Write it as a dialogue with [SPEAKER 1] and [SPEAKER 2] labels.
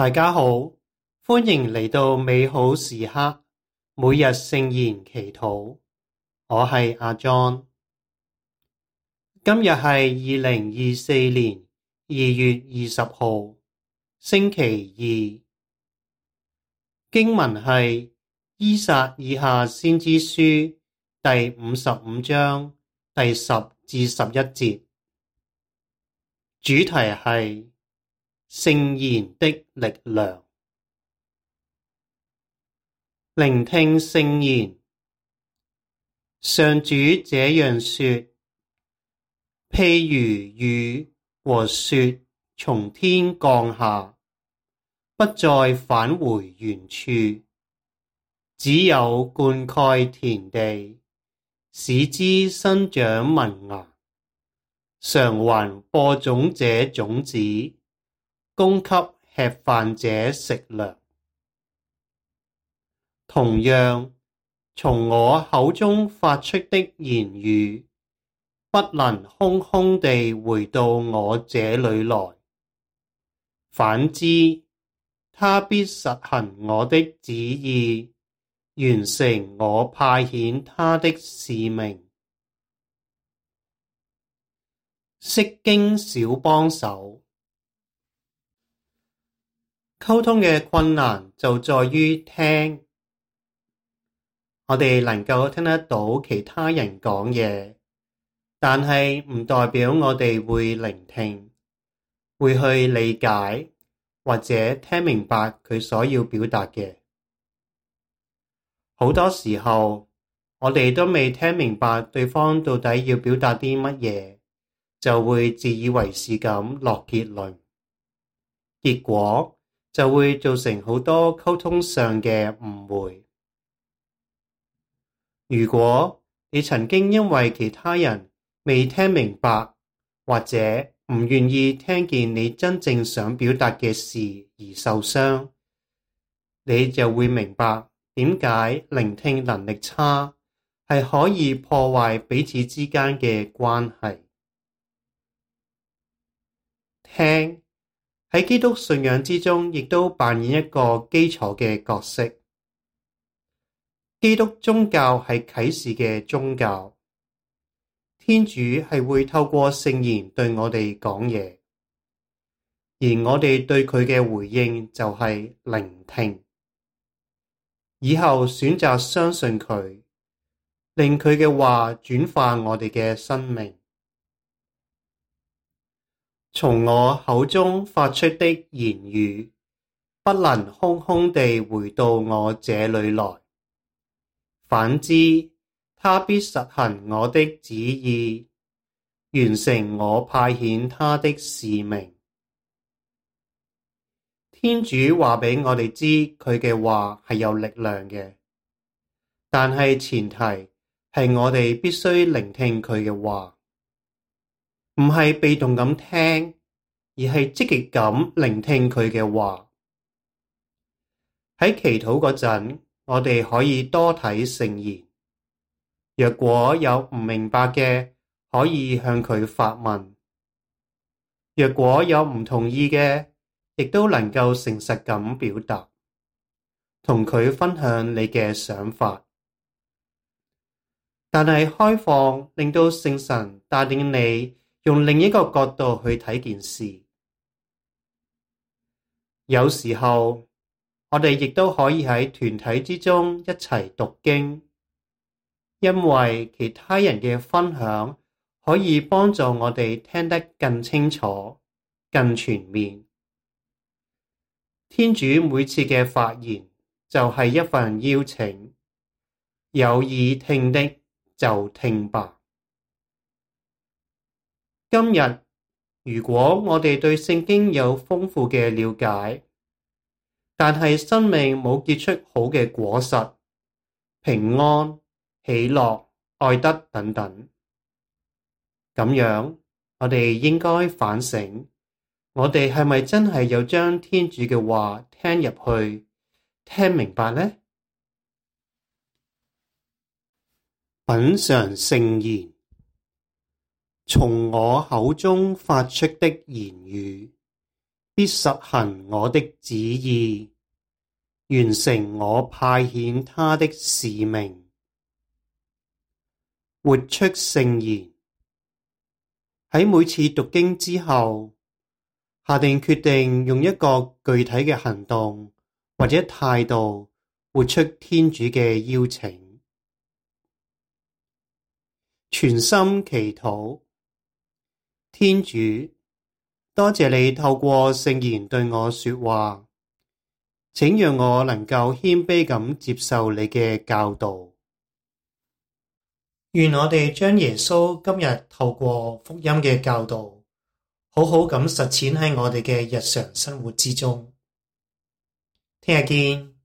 [SPEAKER 1] 大家好，歡迎嚟到美好時刻，每日聖言祈禱。我係阿 John，今日係二零二四年二月二十號星期二，經文係《依撒意亞先知書》第五十五章第十至十一節，主題係。聖言的力量。聆聽聖言，上主這樣說：「譬如雨和雪從天降下，不再返回原處，只有灌溉田地，使之生長萌芽，償還播種者種子。供給吃飯者食糧，同樣，從我口中發出的言語，不能空空地回到我這裏來。反之，它必實行我的旨意，完成我派遣它的使命。釋經小幫手。溝通嘅困難就在於聽，我哋能夠聽得到其他人講嘢，但係唔代表我哋會聆聽，會去理解或者聽明白佢所要表達嘅。好多時候，我哋都未聽明白對方到底要表達啲乜嘢，就會自以為是咁落結論，結果。就會造成好多溝通上嘅誤會。如果你曾經因為其他人未聽明白或者唔願意聽見你真正想表達嘅事而受傷，你就會明白點解聆聽能力差係可以破壞彼此之間嘅關係。聽喺基督信仰之中，亦都扮演一個基礎嘅角色。基督宗教係啟示嘅宗教，天主係會透過聖言對我哋講嘢，而我哋對佢嘅回應就係聆聽，以後選擇相信佢，令佢嘅話轉化我哋嘅生命。從我口中發出的言語，不能空空地回到我這裏來。反之，它必實行我的旨意，完成我派遣它的使命。天主話俾我哋知，佢嘅話係有力量嘅，但係前提係我哋必須聆聽佢嘅話。唔係被動咁聽，而係積極咁聆聽佢嘅話。喺祈禱嗰陣，我哋可以多睇聖言。若果有唔明白嘅，可以向佢發問；若果有唔同意嘅，亦都能夠誠實咁表達，同佢分享你嘅想法。但係開放令到聖神帶領你。用另一個角度去睇件事，有時候我哋亦都可以喺團體之中一齊讀經，因為其他人嘅分享可以幫助我哋聽得更清楚、更全面。天主每次嘅發言就係一份邀請，有耳聽的就聽吧。今日，如果我哋對聖經有豐富嘅了解，但係生命冇結出好嘅果實，平安、喜樂、愛德等等，咁樣我哋應該反省，我哋係咪真係有將天主嘅話聽入去、聽明白呢？品嘗聖言。從我口中發出的言語，必實行我的旨意，完成我派遣他的使命。活出聖言。喺每次讀經之後，下定決定用一個具體嘅行動或者態度，活出天主嘅邀請，全心祈禱。天主，多謝你透過聖言對我說話，請讓我能夠謙卑咁接受你嘅教導。願我哋將耶穌今日透過福音嘅教導，好好咁實踐喺我哋嘅日常生活之中。聽日見。